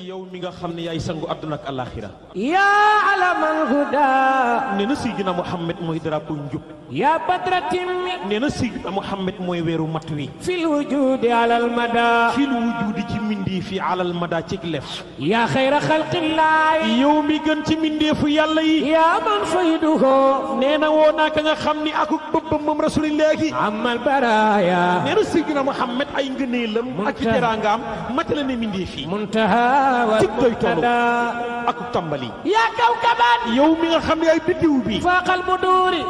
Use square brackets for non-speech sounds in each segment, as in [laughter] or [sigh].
yow mi nga xam ne yaay sangu àdduna ak alaxira yaa alamal huda nee na Muhammad mooy drapeau njub ya patratim nee na Muhammad mooy weeru mat wi fil wujudi alal mada fil wujudi ci mindii fi alal mada ci lef Ya xayra xalqillaay yow mi gën ci mindeefu yàlla yi yaa man fayduho nee na woo naa ka nga xam ni akuk bëbbam rasulillahi amal baraya nee na Muhammad ay ngëneelam ak teraangaam matale ne mindii fi muntaha cig doy toll ak tàmbali yaa kaw kaban yow mi nga xam ne ay biddiw bi faaxal mu duuri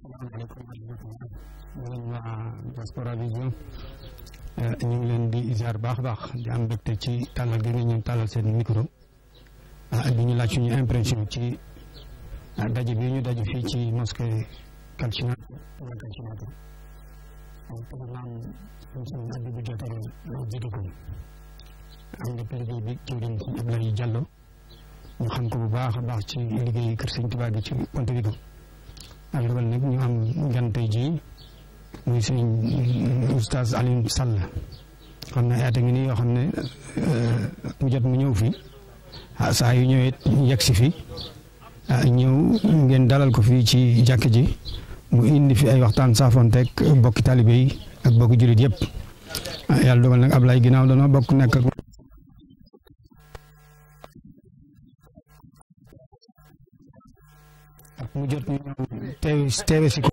salaamaaleykum ñun waa Diaspora Vision ñu ngi leen di ziar baax baax di am mbégte ci tàllal gi nga ñëw tàllal seen micro ah di ñu laaj suñu impression ci daje bi ñu daje fii ci mosquée Calcinato la Calcinato programme suñu addu bi jotoon jiitu ko am nga liggéey bi jëwriñ Abdoulaye Diallo ñu xam ko bu baax a baax ci liggéey kër sëñ Tuubaa gi ci Pontevico ak dogal nag ñu am gante ji muy sëñ euh, oustaz Alioune Sall xam na yaata ngi nii yoo xam ne euh, mu jot mu ñëw fi ah, saa yu ñëwee yegg si fi ah, ñëw ngeen dalal ko fi ci jàkk ji mu indi fi ay waxtaan saafonteeg bokki talibe ak bokki jullit yëpp ah, yàlla dogal nag Ablaye ginnaaw danoo bokk nekk a jot ñu teewe teewe si ko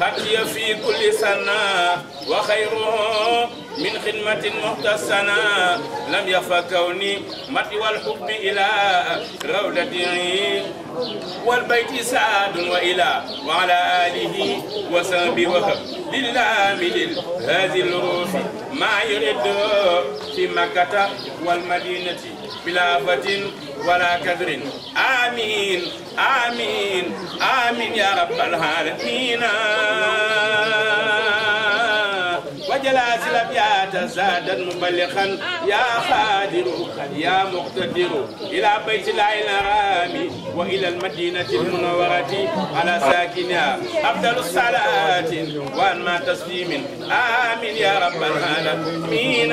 خطي في كل سنة وخيره من خدمة محتسنة لم يخف كوني مد والحب إلى رودته والبيت سعد وإلى وعلى آله وصحبه وهب من هذه الروح ما يرد في مكة والمدينة بلا فتن ولا كذر آمين آمين آمين يا رب العالمين وجلاس الأبيات زادا مبلغا يا خادر يا مقتدر إلى بيت العين الرامي وإلى المدينة المنورة على ساكنها أفضل الصلاة وأنما تسليم آمين يا رب العالمين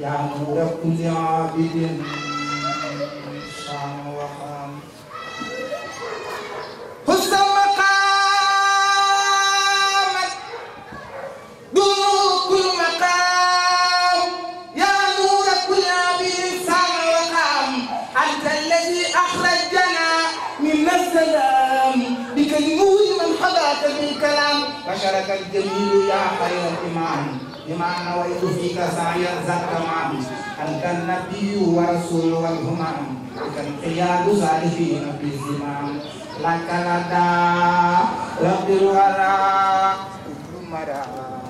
يا يعمر كل عابد شعر وحام حسن المقام دون كل مقام يا نور كل عابد شعر وحام أنت الذي أخرجنا من السلام بك نور من حضرت بالكلام بشرك الجميل يا خير معنا Imana wa itu fika sayar zakamam Ankan nabiyu wa rasul wa humam Ankan qiyadu salifi nabi zimam Laka lada Rabbil wara Umaram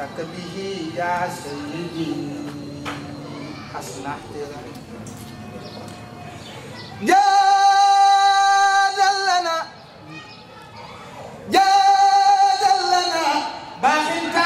Laka bihi ya sayyidi Asnah Ya Jalana Ya Jalana Bahinta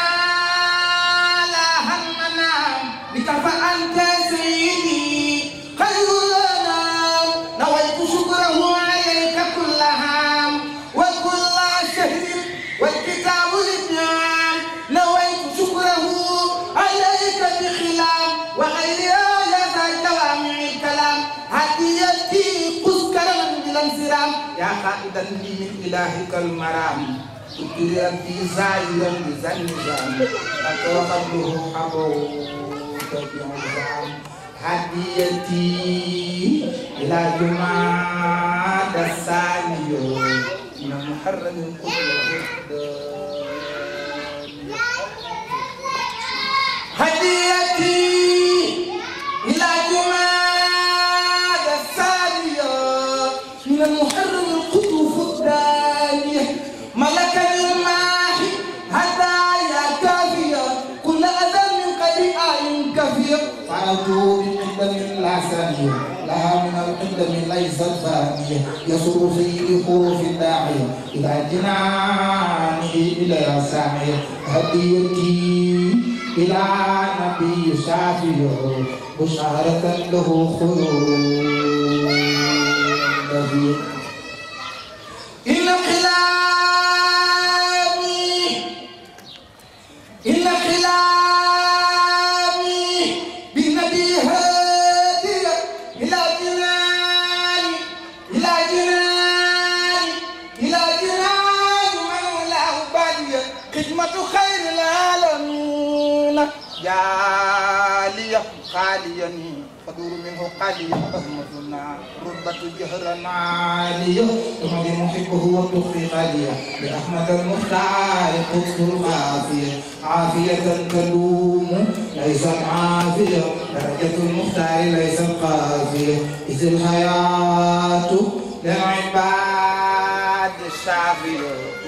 حمدا لمن إلهك المرام ابتداء في زائرا بذا النظام لك وقبله هديتي من ليس الفانية يسر في حروف الداعية إذا جناني إلى سامية هديتي إلى نبي شافي بشارة له خلود خالي خاليني فدور منه قليل أهمتنا ربة جهر عالية تمضي محبه وتخفي غالية لأحمد المختار قدس العافيه عافية تلوم ليس عافية درجة المختار ليس قافية إذ الحياة للعباد الشافية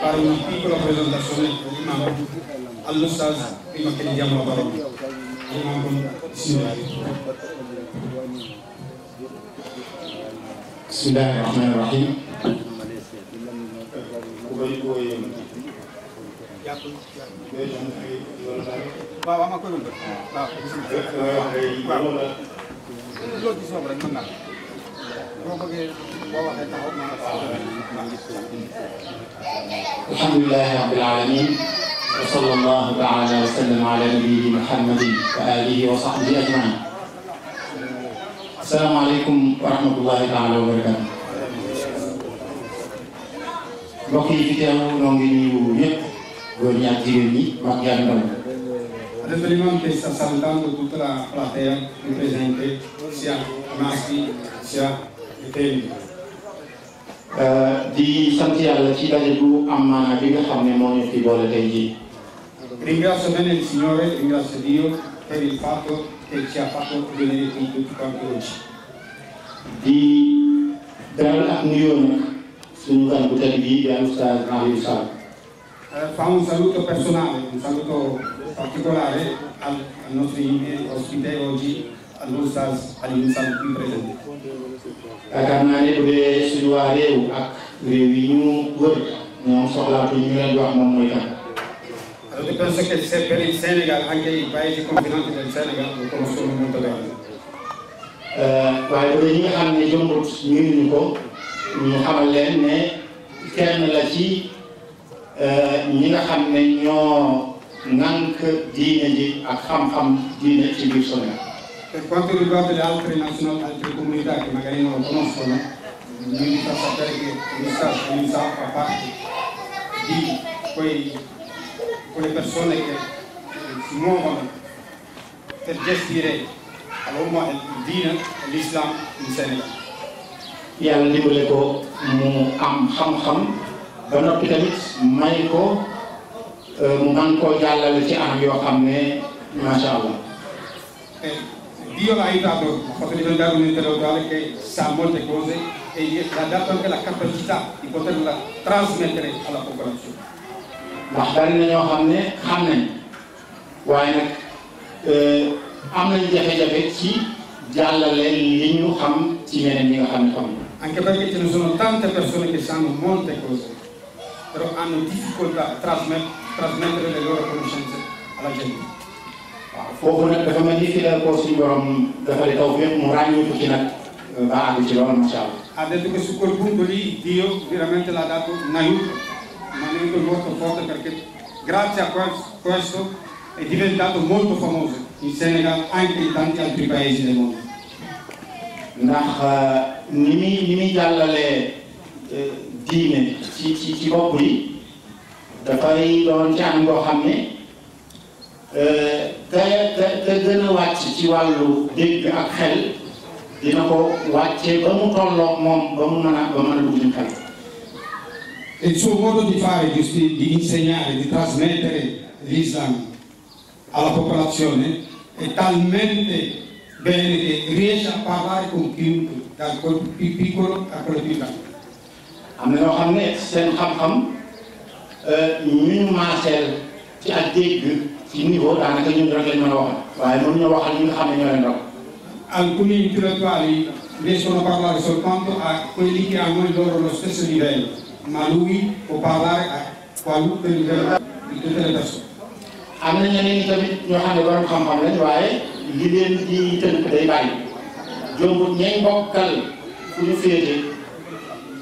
par une triple représentation pour imam al-Ustaz ima kene jàmm rahim ma الحمد لله رب العالمين وصلى الله تعالى وسلم على نبيه محمد وآله وصحبه أجمعين السلام عليكم ورحمة الله تعالى وبركاته mbokk yi fi teew ñoo ngi nuyu ñëpp góor ñi ak jigéen ñi mag yaa ndaw Anteriormente sta salutando tutta la platea di presente, sia maschi sia di eh, sant yàlla ci daje bu am maanaam bi nga xam ne moo ñu fi boole tey Ringrazio bene il Signore, ringrazio Dio per il fatto che ci ha fatto venire qui tutti quanti oggi. di dalal ak nuyoo nag suñu gan bu tedd bii a Oustaz fa un saluto personale, un saluto particolare al, al nostro ospite oggi. al oustaz Alioune naa ne dee yi ñu wër ñoom soxlaatu ñu euh, nga xam ne jombut ñu ñu ko ñu xamal leen ne kenn ci euh, ñi nga xam ne ñoo nànk diine ji ak xam-xam diine ci biir Per quanto riguarda le altre, altre comunità che magari non lo conoscono, mi fa sapere che l'Unità fa parte di quei, quelle persone che si muovono per gestire all'Umma, il Dina e l'Islam in Senegal. yàlla dimbale ko mu am xam-xam ba noppi tamit may ko mu man koo jàllale ci anam yoo xam ne Dio l'ha aiutato, ha fatto diventare un intellettuale che sa molte cose e gli ha dato anche la capacità di poterla trasmettere alla popolazione. Eh, anche perché ce ne sono tante persone che sanno molte cose però hanno difficoltà a trasmettere le loro conoscenze alla gente foofu nag dafa mel ni fii la ko suñu borom dafale tawfiq mu ràññeeku ci nag ha detto che su quel punto lì Dio veramente l'ha dato un aiuto, un aiuto molto forte perché grazie a questo è diventato molto famoso in Senegal anche in tanti altri paesi del mondo. ndax eh, ni muy ni muy jàllale eh, ci ci ci bopp yi dafay doon ci am boo xam ne te te te gën a wàcc ci wàllu dégg ak xel dina ko wàccee ba mu tolloog moom ba mu mën ba mën a ci xel. il suo modo di fare, di, di insegnare, di trasmettere l'Islam alla popolazione è talmente bene che riesce a parlare con chiunque, dal più piccolo a quello più grande. a me lo xam ne seen xam-xam ñu ñu maaseel ci ak dégg ci niveau daanaka ñun rek lañ mën a waxal waaye mënuñoo waxal ñi nga xam ne ñoo leen raw. alcuni intellettuali riescono a a a qualunque livello am na ñeneen ñi tamit ñoo xam ne borom xam-xam lañ waaye li leen di tënk day bàyyi jombut ñeñ bokkal fu ñu féete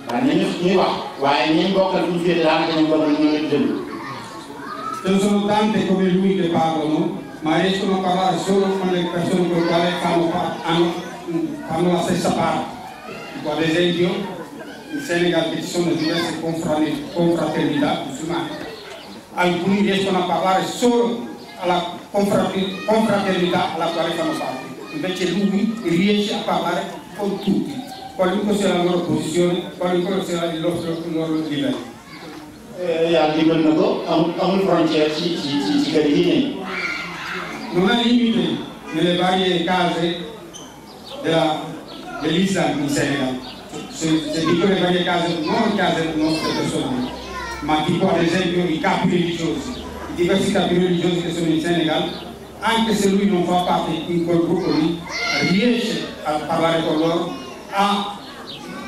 waaye nañu ñuy wax waaye ñeñ bokkal fu ñu féete daanaka ñu bokkal Ce ne sono tante come lui che parlano, ma riescono a parlare solo con le persone con le quali fanno, hanno, fanno la stessa parte. ad esempio in Senegal ci sono diverse confraternità musulmane. Alcuni riescono a parlare solo alla confraternità alla quale fanno parte. Invece lui riesce a parlare con tutti, qualunque sia la loro posizione, qualunque sia il loro, il loro livello yàlla eh, digal na ko amul amul frontière ci ci ci ci kër yi ñu On a éliminé les barrières casées de la de l'islam au Sénégal. C'est dico le barrière casées non casées pour nostre persone, ma tipo ad esempio i capi religiosi. Diversi capi religiosi che sono in Senegal, anche se lui non fa parte in quel gruppo lì, riesce a parlare con loro, a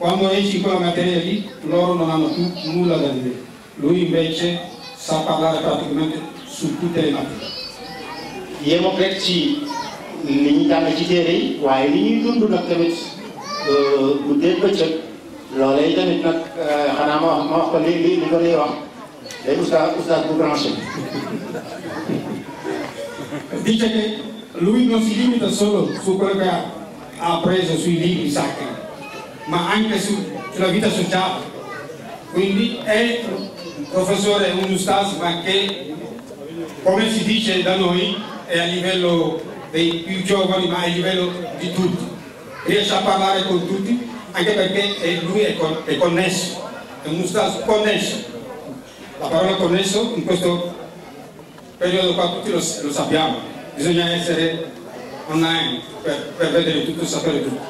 Quando esci la materia lì, loro non hanno più nulla da dire. Lui invece sa parlare praticamente su tutte le materie. yéem ak rek ci li ñu jàng ci téere yi waaye li ñuy dund nag tamit guddee bëccëg loolee tamit ma wax ma wax ko li li li Dice che lui non si limita solo su quello che ha appreso sui libri sacri, ma anche su, sulla vita sociale. Quindi è un professore Unustas, ma che, come si dice da noi, è a livello dei più giovani, ma a livello di tutti. Riesce a parlare con tutti, anche perché lui è, con, è connesso, è un Ustaz connesso. La parola connesso in questo periodo qua tutti lo, lo sappiamo, bisogna essere online per, per vedere tutto, sapere tutto.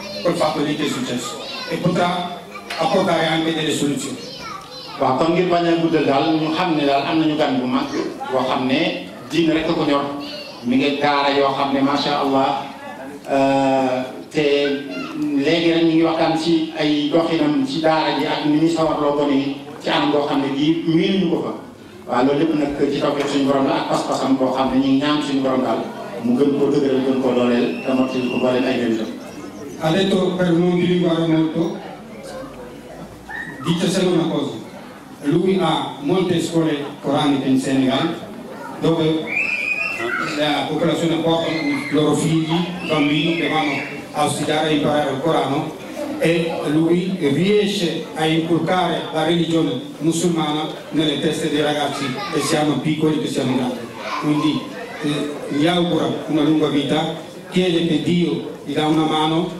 koy fàttali tes vitesses et pourtant accorda yaa ngi dajale solution. waaw kon ngir bañ a guddal daal ñu xam ne daal am ñu gan bu mag boo xam ne diin rek ko ñor mi ngi daara yoo xam ne macha allah euh, te léegi rek ñu ngi waxtaan ci ay doxinam ci daara ji ak ni ñuy sawarloo gone yi ci anam boo xam ne bii miinuñu ko fa. waaw loolu lépp nag ci tawfeex suñu borom la ak pas-pasam boo xam ne ñu ngi ñaan suñu borom daal mu gën koo dëgëral gën koo dooleel te mottali ko mboolem ay ha detto per non dilinguare molto, dice solo una cosa, lui ha molte scuole coraniche in Senegal dove la popolazione porta i loro figli, i bambini che vanno a studiare e imparare il Corano e lui riesce a inculcare la religione musulmana nelle teste dei ragazzi che siano piccoli che siano grandi. Quindi eh, gli augura una lunga vita, chiede che Dio gli dà una mano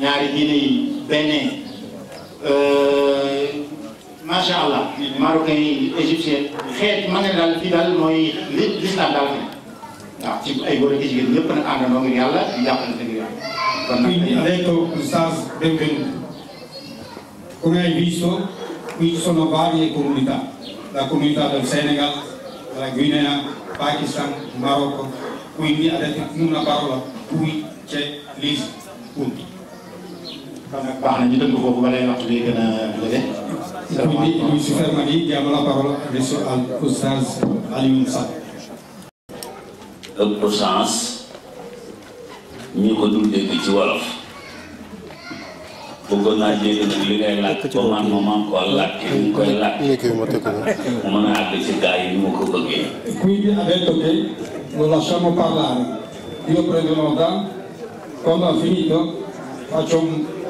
ñaari diine yi benn macha allah marocain yi égyptien xeet ma ne daal fii daal mooy ci ay góor ak jigéen ñëpp nag àndandoo ngir yàlla jàppalante ngir yàlla kon nag lay ko oustaz benvenuto come hai visto qui sono varie comunità la comunità del Senegal la Guinea Pakistan Marocco quindi ha detto una parola qui c'è l'Islam punto kon nag baax na ñu dëgg foofu balay waxtu bi gën a lële. diamo la parole adesso al Oustaz Alioune Sall. ëpp chance ñu ko dul dégg ci wolof bëggoon naa dégg nag li ngay làkk ba man ma man koo làkk ni Quindi ha detto che lo lasciamo parlare. Io prendo nota. Quando ha finito faccio un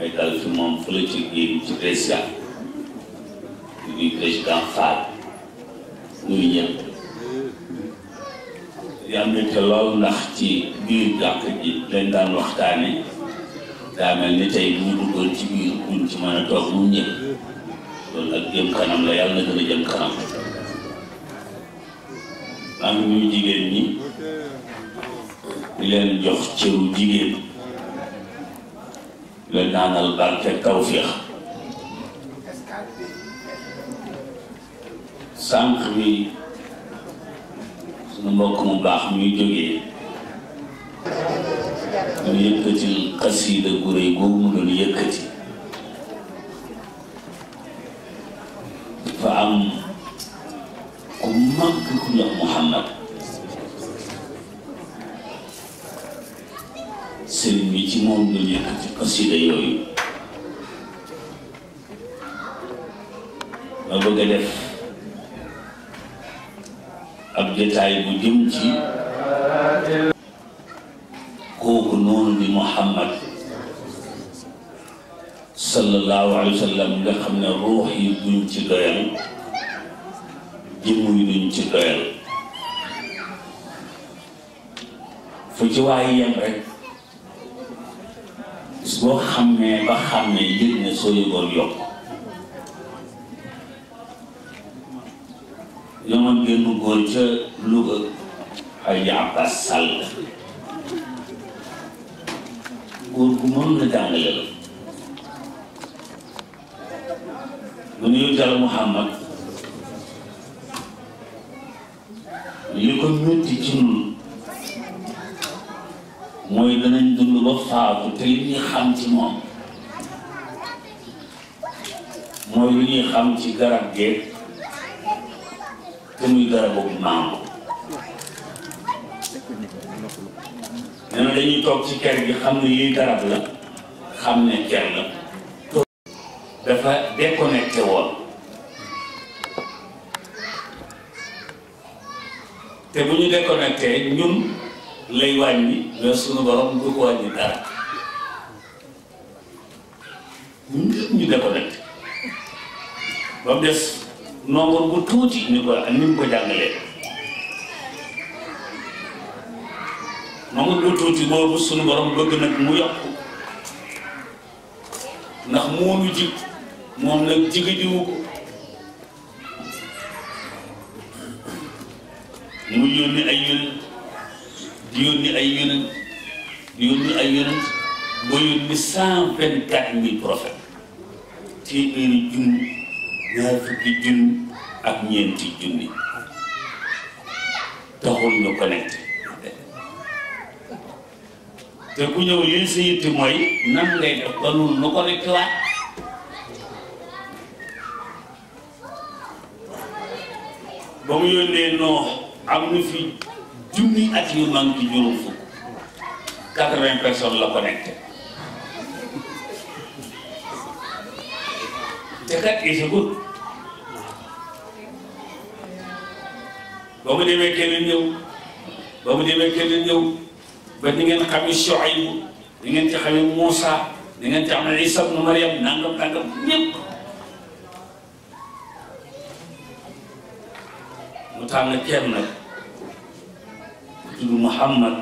ay dal ci moom fële ci géej ci président di nuyu président Fall nuyu ñëpp di am mbégte lool ndax ci biir dàq ji leen daan waxtaane daa mel ni tey bu ñu ci biir buñ ci mën a toog mu ñëpp loolu ak jëm kanam la yàlla na gën a jëm kanam maa ngi jigéen ñi di leen jox cëru jigéen لنا البركة التوفيق سانخ بي نموكم باخمي جوغي ويكتي القصيدة قريب ومدن يكتي فعم كمك كل محمد sëriñ bi ci moom la ñuy ak ci xasida ma bëgg def ab jotaay bu jëm ci kooku noonu di Muhammad sallallahu alayhi wa sallam nga xam ne ruux yi duñ ci doyal jëmm ci doyal fu ci waaye soo xamee ba xam ne yëg ne soo yëgoon yokk yomoon génn góor ca Louga Alaaji Abbas Sall góor gu mën na jàngale la bu nuyu jàll Muhammad li ko métti ci ñun mooy danañ dund ba faatu te li ñuy xam ci moom mooy li ñuy xam ci garab geeg te muy garabu maam nee na dañuy toog ci ker gi xam ne lii garab la xam ne ker la dafa déconnecté woon te bu ñu déconnecté ñun lay wàññi mais sunu borom du ko wàññi dara ñun ñëpp ñu déconnecté ba mu des nombre bu tuuti ni ko ni mu ko jàngalee nombre bu tuuti boobu sunu borom bëgg nag mu yokk ndax moonu ji moom nag jiga ko mu yónni ay yónni di yónni ay yonent di yónni ay yonent ba yónni cent vingt quatre mille prophètes téeméeri junni ñaar fukki junni ak ñeenti junni taxul ñu connecté te ku ñëw lii sa yitti mooy nan ngay def ba nun nu connecté waat ba mu yónnee noo am na fi junni ak ñu manque ci fukk quatre 80 personnes la connecté té xat is a good ba mu demee keneen ñëw ba mu demee keneen ñëw ba ni ngeen xamee Shuayb ni ngeen ci xamee Moussa ni ngeen ci xamee Isa ibn Maryam nangam nangam ñëpp mu tànn kenn tudd Muhammad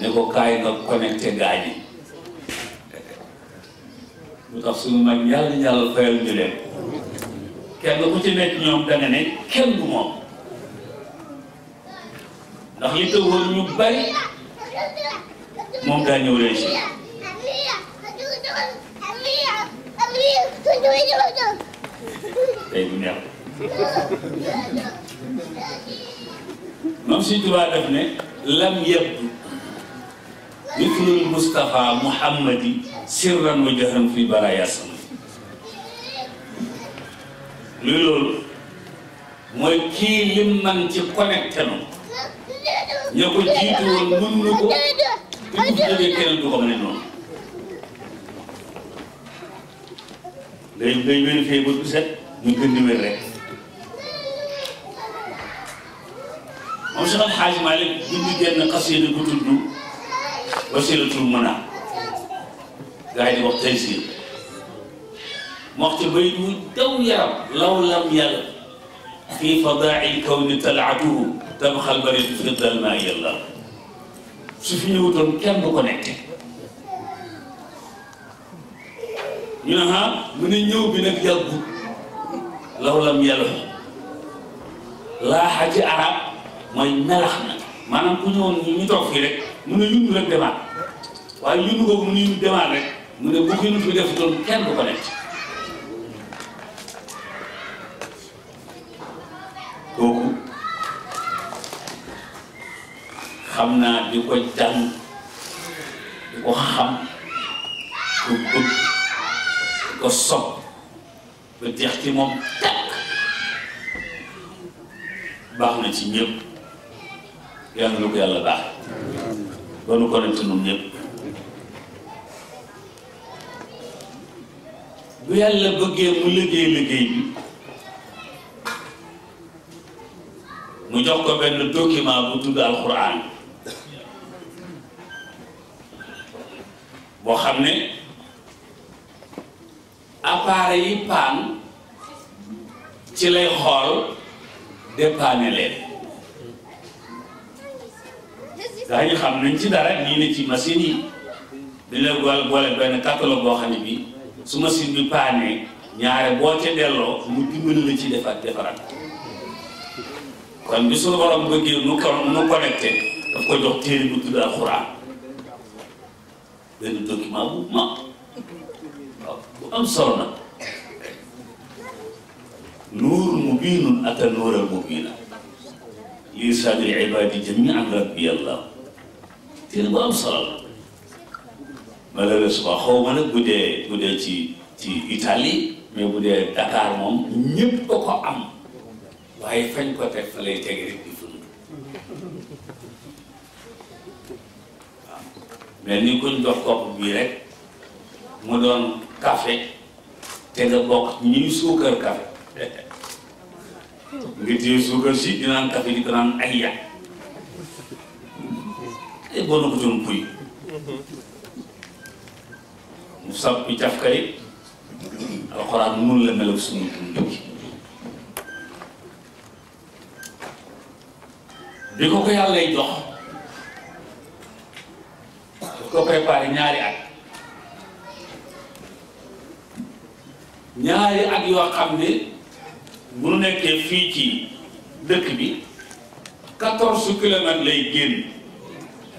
ne ko kaay nga connecté gaañ yi lu tax suñu mag yàlla yàlla fayal ñu leen kenn ku ci nekk ñoom da ne kenn du moom ndax li tëwoon ñu bari moom daa ñëw leen si moom Sëñ Tuubaa def ne lam yabdu mithlul Mustafa Muhammadi sirran wa jahran fi baraya sama luy loolu mooy kii lim man ci connecté no ña ko jiitu woon mën na ko te mu jógee keneen du ko mën noonu day day wér fee ba du set ñu gën di wér rek وشيخ الحاج مالك بدي جن قصيدة كتب دو وسيلة المنع قاعد وقت يصير وقت بيدو دو يرى لو لم يرى في فضاع الكون تلعبه تبخ البريد في الظل ما يلا سفين وطن كم بقنعك ينها من النيو بنك يلبو لو لم يلو لا حاجة عرب mooy melax na maanaam ku ñëwoon ñu toog fii rek mu ne yundu rek demaat waaye yundu googu bu ko yundu bi defutoon kenn du ko nekk kooku xam naa di ko jàng di ko ba jeex ci moom tekk ci ñëpp yal na ko yàlla baax ba nu connecté ñun ñëpp bu yàlla bëggee mu liggéey liggéey bi mu jox ko benn document bu tudd alxuraan boo xam ne appareil yi paan ci lay xool dépanne leen dañu xam nañ ci dara ñii ne ci machine yi dañ la boole boole ben catalogue bo xamni bi su machine bi pané ñaare bo ci delloo mu dimbali la ci defaat defaraat kon bi su borom bëggé nu ko nu connecté daf ko jox téré bu tudda alquran ben document bu ma bu am solo nag nuur mubinun ata nuural mubina ibadi jamian rabbi allah téere bu am solo la malheureusement xaw ma nag bu dee bu dee ci ci Italie mais bu dee moom ñëpp ko ko am waaye fañ ko teg fa lay teg rek di fund waaw mais ni kuñ dox kopp bii rek mu doon café te nga bokk ñuy suukar café [laughs] nga téye suukar si di naan café di naan ay yàq ay gono ko jom puy mu sàpp cafka yi alxuraan nun la melaw suñu dund bi ko ko yàllay jox daf ko préparé ñaari at ñaari at yoo xam ne bu nu nekkee fii ci dëkk bi quatorze kilomètres lay génn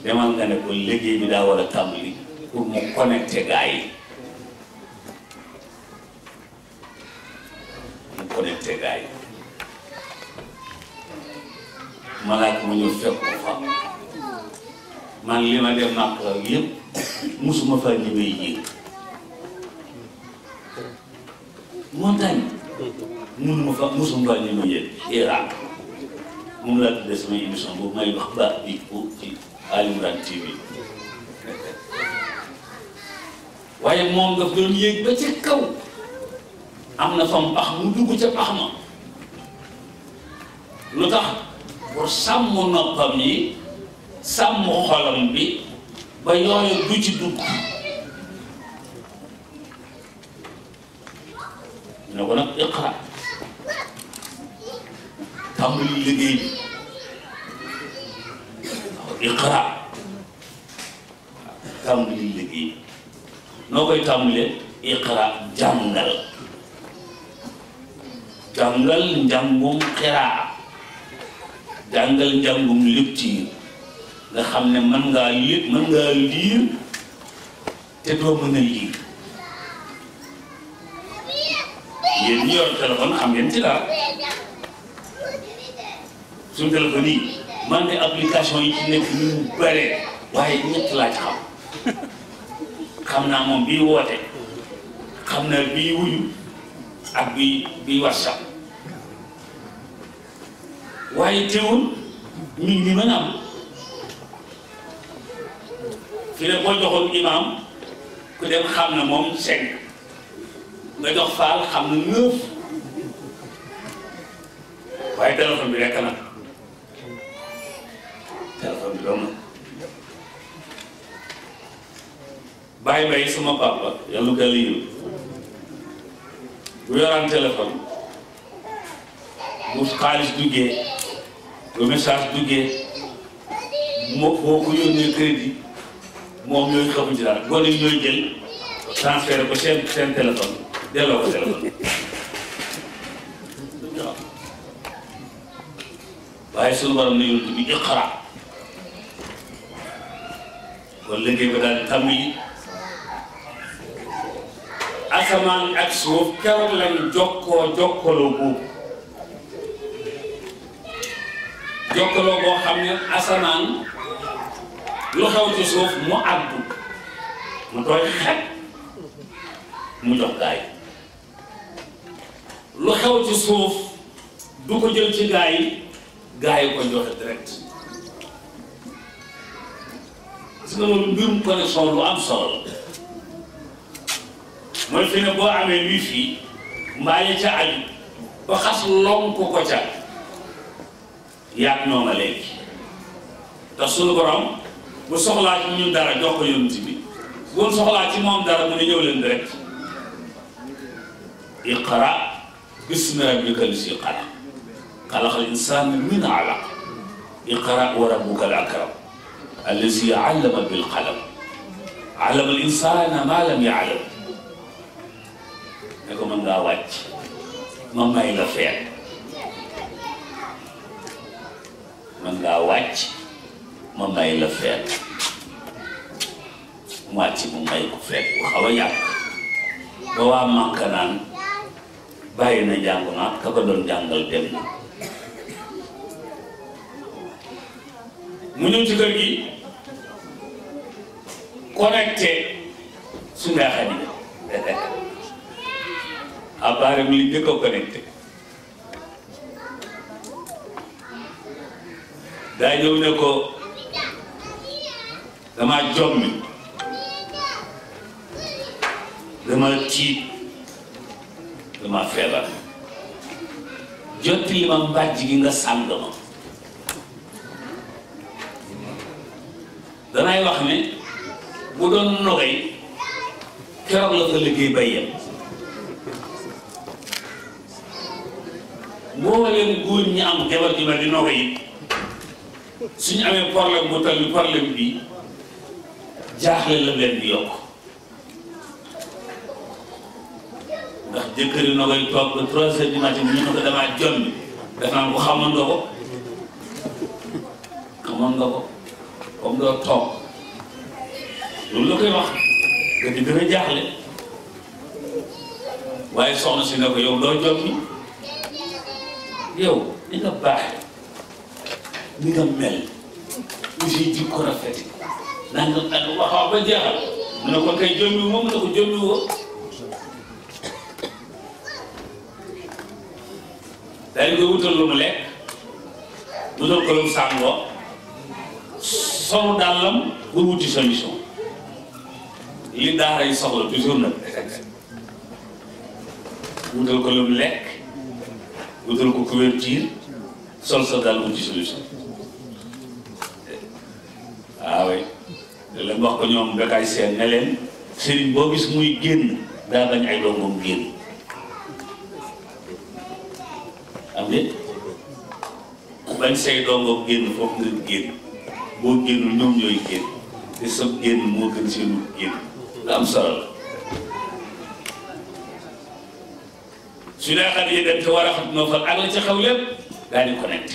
demal nga ne ko liggéey bi daa war a tàmbali pour mu connecté gars yi mu connecté gars yi malaaka ma ñëw fekk ko fa man li ma dem màkk yëpp musuma fa ñëwee yéeg montagne munuma moom laa tuddee sama émission boobu may wax ba Ali Imran TV waaye moom nga doon yéeg ba ci kaw am na fam pax mu dugg ca pax ma lu tax pour sàmm noppam yi sàmm xolam bi ba yooyu du ci dugg ne ko nag iqra tàmbali liggéey bi iqra tàmbali liggéey noo koy tàmbalee iqra jàngal jàngal njàngum xiraa jàngal njàngum lecture nga xam ne mën ngaa li mën ngaa liir te doo mën a liir yéen ñi yor xam ngeen ci laa suñu téléphone man de application yi ci nekk waaye ñett laa ci xam xam naa moom bii woote xam naa bii wuyu ak bii bii whatsapp waaye teewul ñu am fi ne boo imaam ku dem xam na moom cinq nga jox faal xam na neuf waaye téléphone bi rekk na téléphone bi doon na bàyyi bay sama papa yàlla ko liggéey bu yoraan téléphone bu xaalis moo boo ko yónnee crédit moom ñooy xamu ci dara gone yi ñooy jël transfert ko seen seen delloo ko téléphone waaye suñu borom na yonent bi iqra kon liggéey ba daal di tàmbali asamaan ak suuf keroog lañ jokkoo jokkaloo boobu jokkaloo boo xam ne asamaan lu xew ci suuf mu àddu mu tooy xet mu jox gaay lu xew ci suuf du ko jël ci gaay gaay ko joxe direct gis nga loolu mbirum connexion lu am solo mooy fi ne boo amee wii fii mbaa ya ca aju ba xas lonk ko ca yaag noona léegi te sunu borom bu soxlaa ci ñun dara jox ko yonent bi bu soxlaa ci moom dara mu ne ñëw leen direct iqra bismi rabbika lisi xalaq xalaqal insaana min alaq iqra wa rabbuka al akram الذي علم بالقلم علم الإنسان ما لم يعلم نكو من غاوات مما إلى فعل من غاوات مما إلى فعل ماتي مما إلى فعل وخويا بوا ما كانان باينا جانبنا كبدون جانبل دمنا Munyum ci kër gi connecté Sounda Khady appareil li njëkk a connecté daa ñëw ne ko dama jommi dama tiit dama feebar jottali ma mbàjj gi nga sàng ma danay wax ne bu doon nogay keroog la fa liggéey bay yem mbooleem góor ñi am jabar ji di nogay yi suñu amee problème bu toll ni problème bi jaaxle la leen di yokk ndax jëkkëri nogay toog ba trois ñu ne ko damaa jommi def naa ko xamoon nga ko xamoon nga ko comme doo toog loolu la koy wax nga di gën jaaxle waaye soxna si ne ko yow loo jot ni yow ni nga baaxe ni nga mel ni si jikko rafet naa nga ak waxaw ba jeexal mu ne ko kay jombi moom ne ko jombi woo dañ koy wutal lu lekk wutal ko lu mu sàngoo solu dàllam pour wuti solution li daara yi soxla toujours nag wutal ko lu lekk wutal ko couverture sol sa dal wuti solution waaw da leen wax ko ñoom bekaay seen ne leen boo gis muy génn daa bañ ay dongom génn am ne bañ say dongom génn foofu nga génn boo génnul ñoom ñooy génn te sa génn moo gën seenu génn lu am solo la su dee xam yi dem te war a xam noo fa ak la ca xaw lépp daañu connecté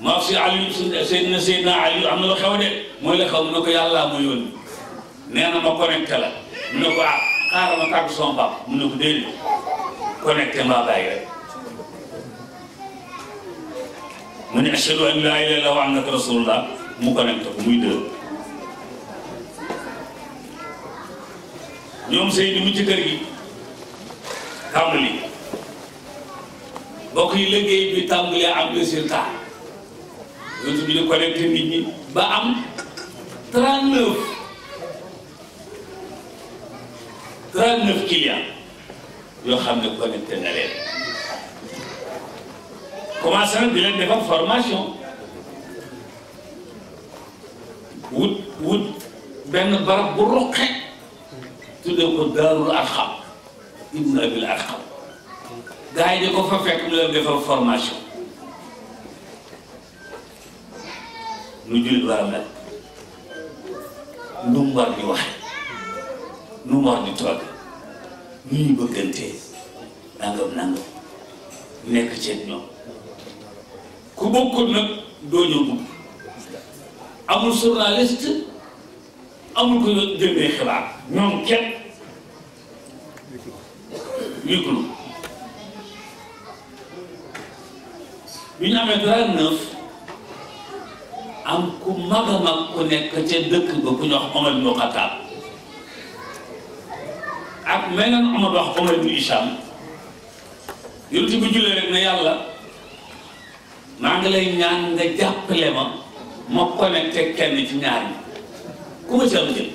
maa si Aliou Seydina Seydina Aliou am na lu xew de mooy la xaw mu ne ko yàlla mu yónni nee na ma connecté la mu ne ko ah xaaral ma tàggu sama papa mu ne ko déedéet connecté maa bàyyi rek mu ne ashhadu an laa ilaaha illallaah wa annaka rasulullah mu connecté ko muy dëgg. ñoom Seydou mi ci kër gi tàmbali mbokk yi liggéey bi tàmbalee am résultat yonent bi di connecté nit ñi ba am 39 39 clients yoo xam ne connecté na leen commencé na di leen defar formation wut wut benn barab bu roqe. تدق الدار الاخر ابن ابي الاخر داعي دي كوفا فيك لو دي فور فورماسيون نجي البرامج نمر دي واحد نمر دي تواك ني بغنتي نانغام نانغام نيك تي نيو كو بوكو نك دو نيو بوك امول سورناليست امول كو جيمي خلاف ñoom képp yëglu bi ñu amee trente neuf am ku mag a mag ku nekk ca dëkk ba ku ñu Omar ibn Khattab ak meneen Omar wax Omar ibn Hicham yonent bu jullee rek ne yalla, maa ngi lay ñaan nga jàppale ma ma connecté kenn ci ñaar ku ma ci am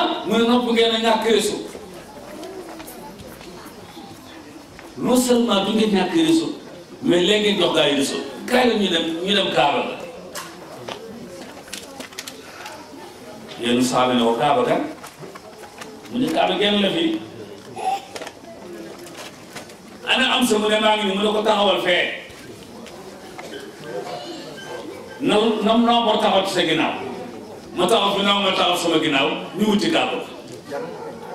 ah mu ne nopp ngeen a ñàkk réseau non seulement du ngeen ñàkk réseau mais léegi ngeen gaa yi réseau kaay ñu dem ñu dem Kaaba la yéen saaba ne ko Kaaba kan mu ne Kaaba genn la fi ana am sa mu ne maa ngi mu ne ko taxawal fee na nam nombre taxaw ci sa ginnaaw ma taxaw ginnaaw ma taxaw sama ginnaaw ñu wuti dàll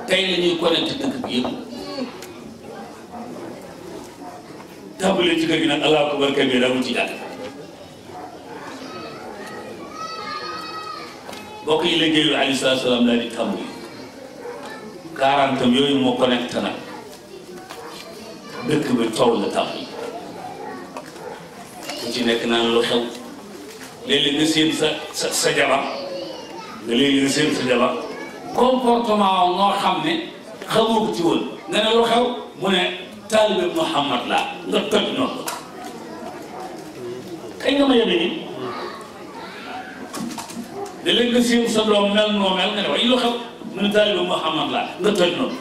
tey la ñuy dëkk bi yëpp ci kër gi nag allahu akbar kabir daa wuti jàkk bokk yi liggéeyu aleyhi salaatu sa sa sa da ngay gën a séntu sa jabar comportement noo xam ne xamoo ko ci woon nga ne lu mu ne taalibe Muhammad la nga toj noonu kañ nga ma yóbbee nii da léegi nga séntu sa doom mel noo mel nga mu ne taalibe Muhammad nga toj noonu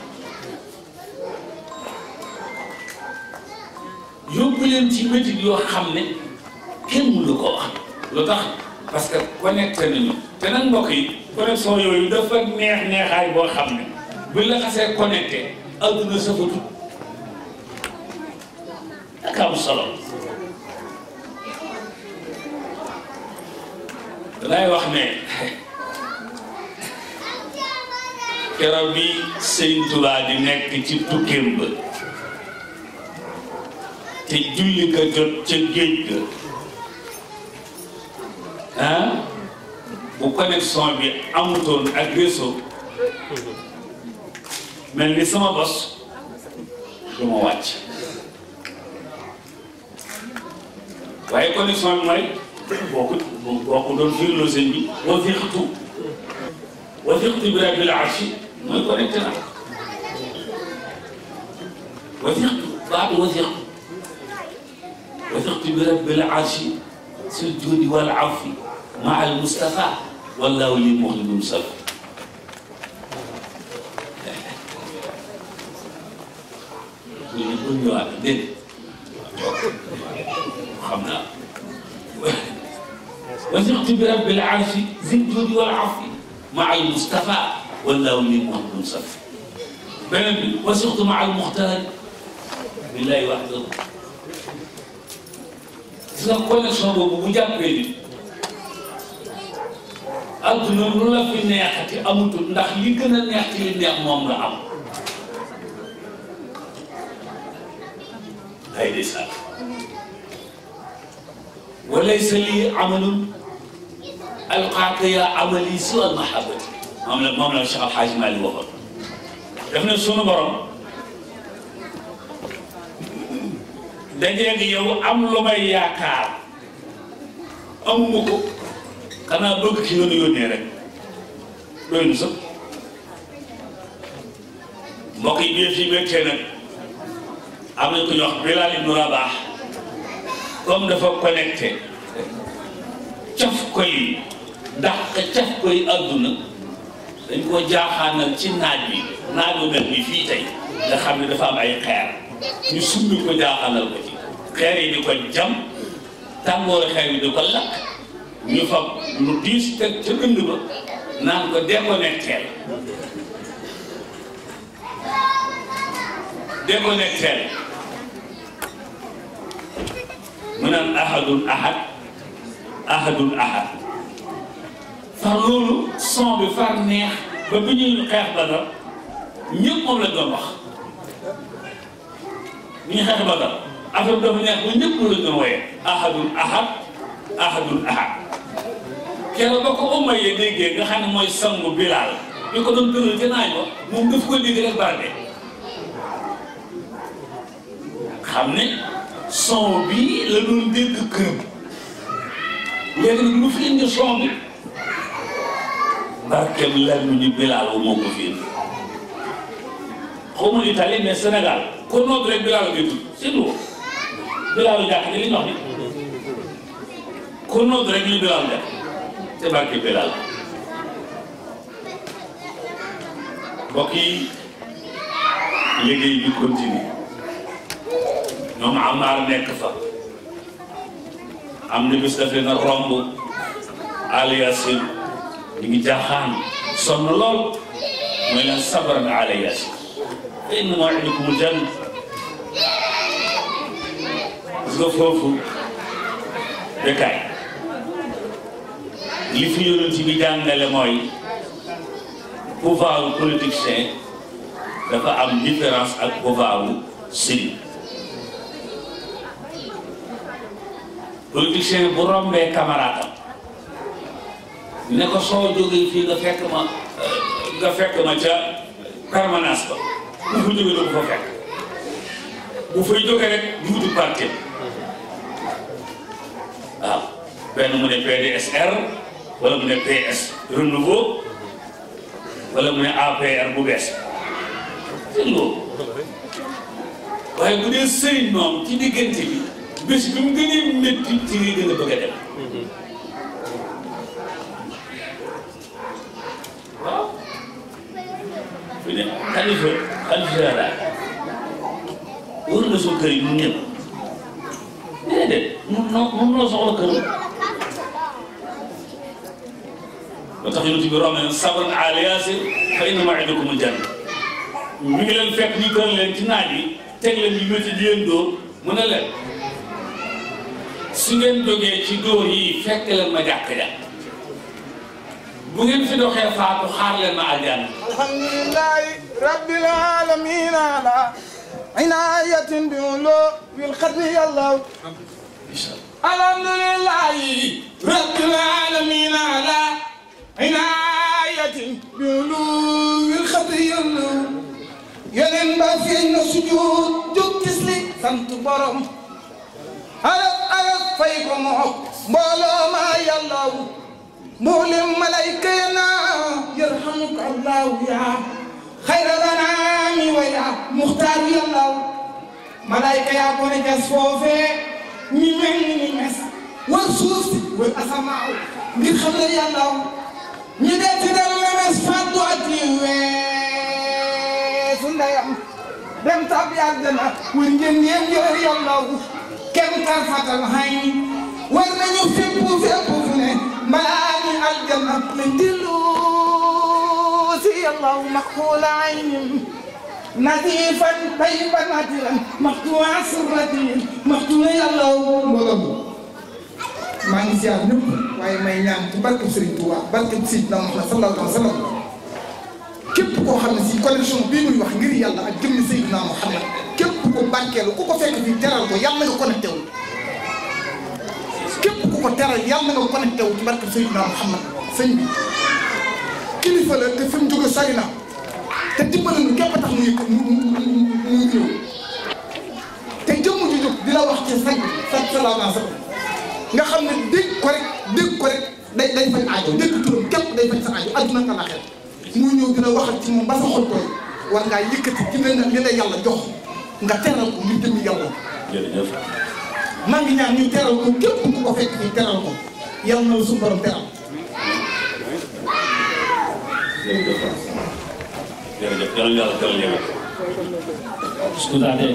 yóbbu leen ci métit xam ne kenn mënu ko wax lu tax. parce que connecté nañu te nag mbokk yi connexion yooyu dafa neex neexaay boo xam ne buñ la xasee ak am solo danaay wax ne [laughs] keroog bi Sëñ Tuubaa di nekk ci tukkeem ba te julli ga jot ca géej ga connexion bi amutoon ak réseau mel ni sama boss du ma wàcc waye connexion bi mooy boo ko boo ko doon firloo sëñ wa wafiqtu wafiqtu bi rabbil arshi moy connecté na wa wafiqtu baatu wafiqtu wafiqtu bi rabbil arshi سجود والعفو مع ma ولا لي مخلد صبر يقول خمنا وزقت برب العرش ذي الجود والعفو مع المصطفى ولا لي مغلب صبر بين وزقت مع المختار بالله وحده إذا كل صوب بوجاب بيني adduna lu la fi neexati amutul ndax li gën a neex ci li neex moom la am ay ndeysaan walaysa lii amalun alqaaka yaa amali si wal mahabati moom la moom la Cheikh Alxaaji Maalik waxoon daf ne sunu borom dajeeg yow am lu may yaakaar amu ko xanaa bëgg ki nga nu yónnee rek doy na sax mbokk yi biir fii beeg nag am nañ ko ñuy wax Bilal ibnu Rabah comme dafa connecté caf koy dàq caf koy àdduna dañ ko jaaxaanal ci naaj bi naaju mel bi fii tey nga xam ne dafa am ay xeer ñu summi ko jaaxaanal ko ci xeer yi di ko jam tàngooru xeer yi di ko lakk. ñu fab lu diis teg ca gënd ba naan ko déconnecteel déconnecteel mu naan ahadul ahad ahad far loolu son bi far neex ba bu ñuy xeex Badar ñëpp moom la doon wax ñu xeex Badar affaire bi dafa neex ba ñëpp la doon wooyee ahadul ahad ahad keroog ba ko Umayya déggee nga xam ne mooy sangu Bilaal ñu ko doon tëral ca naaj wa moom daf ko dégg rek barke xam ne son bi la doon dégg këram léegi nag lu fi indi bi barkeem lan ñu Bilaal wu moo ko fi indi xaw ma Italie mais Sénégal ku rek Bilaal ngay tudd seetlu Bilaal jàkk li ñu wax ni ku noog rek ñu Bilaal jàkk te banque bi laal mbokk liggéey bi continue ñoom Amar nekk fa am na bis dafay na romb aliasin ñu ngi jaaxaan sonn lool mooy lan sabran aliasin fa inna maw'idakum al-janna gis nga foofu li fi yonent bi jàngale mooy pouvoiru politicien dafa am différence ak pouvoiru sëriñ politicien bu rombee camarade am ne ko soo jógee fii nga fekk ma nga eh, fekk ma ca permanence ba bu fa jógee doo ko fa fekk bu fay jógee rek juutu parti waaw benn mu ah, ne PDSR wala mu ne PS renouveau wala mu ne APR bu bees bu dee sëriñ moom ci diggante bi bés bi mu gën a métti ci lii gën a bëgg a dem. waaw. bu ne xalifa xalifa soo kër yi mu ñëw déedéet mun noo mun noo soxla këram. tax yonent bi rom ne sabran ala yaasin fa inna ma'idakum aljanna mi ngi leen fekk ñu gën leen ci naaj yi teg leen ñu métti di leen dóor mu ne leen su ngeen jógee ci dóor yi fekk leen ma jàkk ja bu ngeen fi doxee faatu xaar leen ma aljanna alhamdulillahi rabbil alamin ala inayatin bi ulo bil qadri yàlla alhamdulillahi rabbil alamin ala عناية بعلو الخطية يلين با فينا سجود جوك تسلي سانت بروم أرق أرق فايكو موك مولو ما يلاو مولم ملايكينا يرحمك الله يا خير الأنعام ويا مختار يلاو ملايكة يا كوني جسفوفي مي مني مي مسا والسوس والأسماء من خبر يلاو ñu dee ci dal lemes fàddu ak li weesu ndeyam dem tab yàgg na wër ngeen yéen yor yollaw kenn ka fatal xay war nañu fépp fépp fu ne mbaa ni aljana lañ dillu si yollaw maxuula aynim نظيفا طيبا نادرا مقطوع سرتي مقطوع يا الله مغلب ما نسيان waaye may ñaan ci barkeb Serigne Touba barkeb Seydina Muhammad sallallahu alayhi wa sallam képp koo xam ne si collection bii muy wax ngir yàlla ak jëmmi Seydina Muhammad képp ko barkeelu ku ko fekk fii teral ko yàlla nga connecté wu. képp ku ko teral yàlla nga connecté wu ci barkeb Seydina Muhammad sëñ bi kilifa la te fi mu jóge sori na te dimbali nu képp tax muy muy ñëw te jëmm ju jóg di wax ci sëñ bi sallallahu alayhi wa sallam nga xam ne dégg ko dégg ko rek day day faj aajo dégg turam képp day faj sa aajo adduna nga la xel muy ñëw dina waxal ci moom ba sa xol koy war ngaa yëkkati ci li nga li la yàlla jox nga teral ko ngir jëmi yàlla jërëjëf maa ngi ñaan ñu teral ko képp ku ko fekk ñu teral ko yàlla na la suñu borom teral jërëjëf jërëjëf yàlla yàlla teral yàlla scusate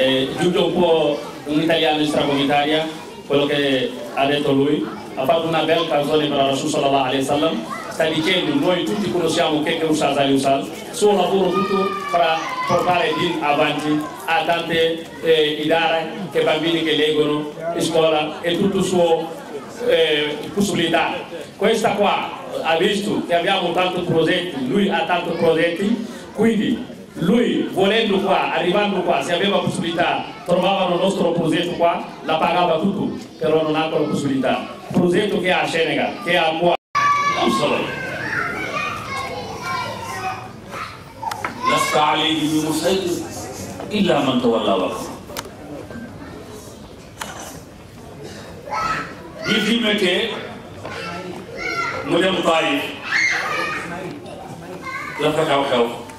eh, giudo un po' un'italiano stracomunitaria quello che ha detto lui, ha fatto una bella canzone per Rasul sallallahu alaihi wasallam, sta dicendo noi tutti conosciamo che è Usaz Ali Usaz, suo lavoro tutto per portare din avanti a tante eh, idare che bambini che leggono in scuola e tutto il suo eh, possibilità. Questa qua ha visto che abbiamo tanti progetti, lui ha tanti progetti, quindi lui volendo qua, arrivando qua, se aveva possibilità, trovavano il nostro progetto qua, la pagava tutto, però non ha quella possibilità. Progetto che ha a Senegal, che ha a Mua. لست عليه بمسيطر إلا من تولى وكفر ñu filmé che dem Paris la fa xew xew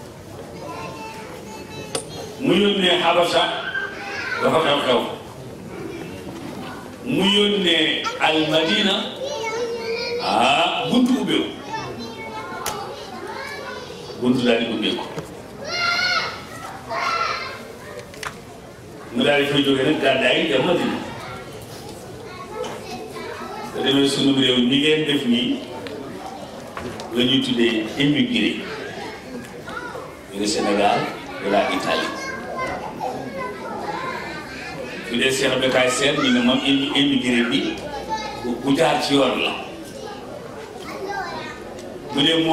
mu yónnee Habasha dafa xew-xew mu yónnee al Madina ah buntu ubbeeku buntu daal di ubbeeku mu daal di fay jógee nag gàddaa yi dem Madina te demee sunu réew ñi ngeen def nii la ñuy tuddee émigré ñu ngi Sénégal de la Italie. bu dee Cheikh Bécaye Sène ñu ne moom immigré bi bu jaar ci yoon la bu dee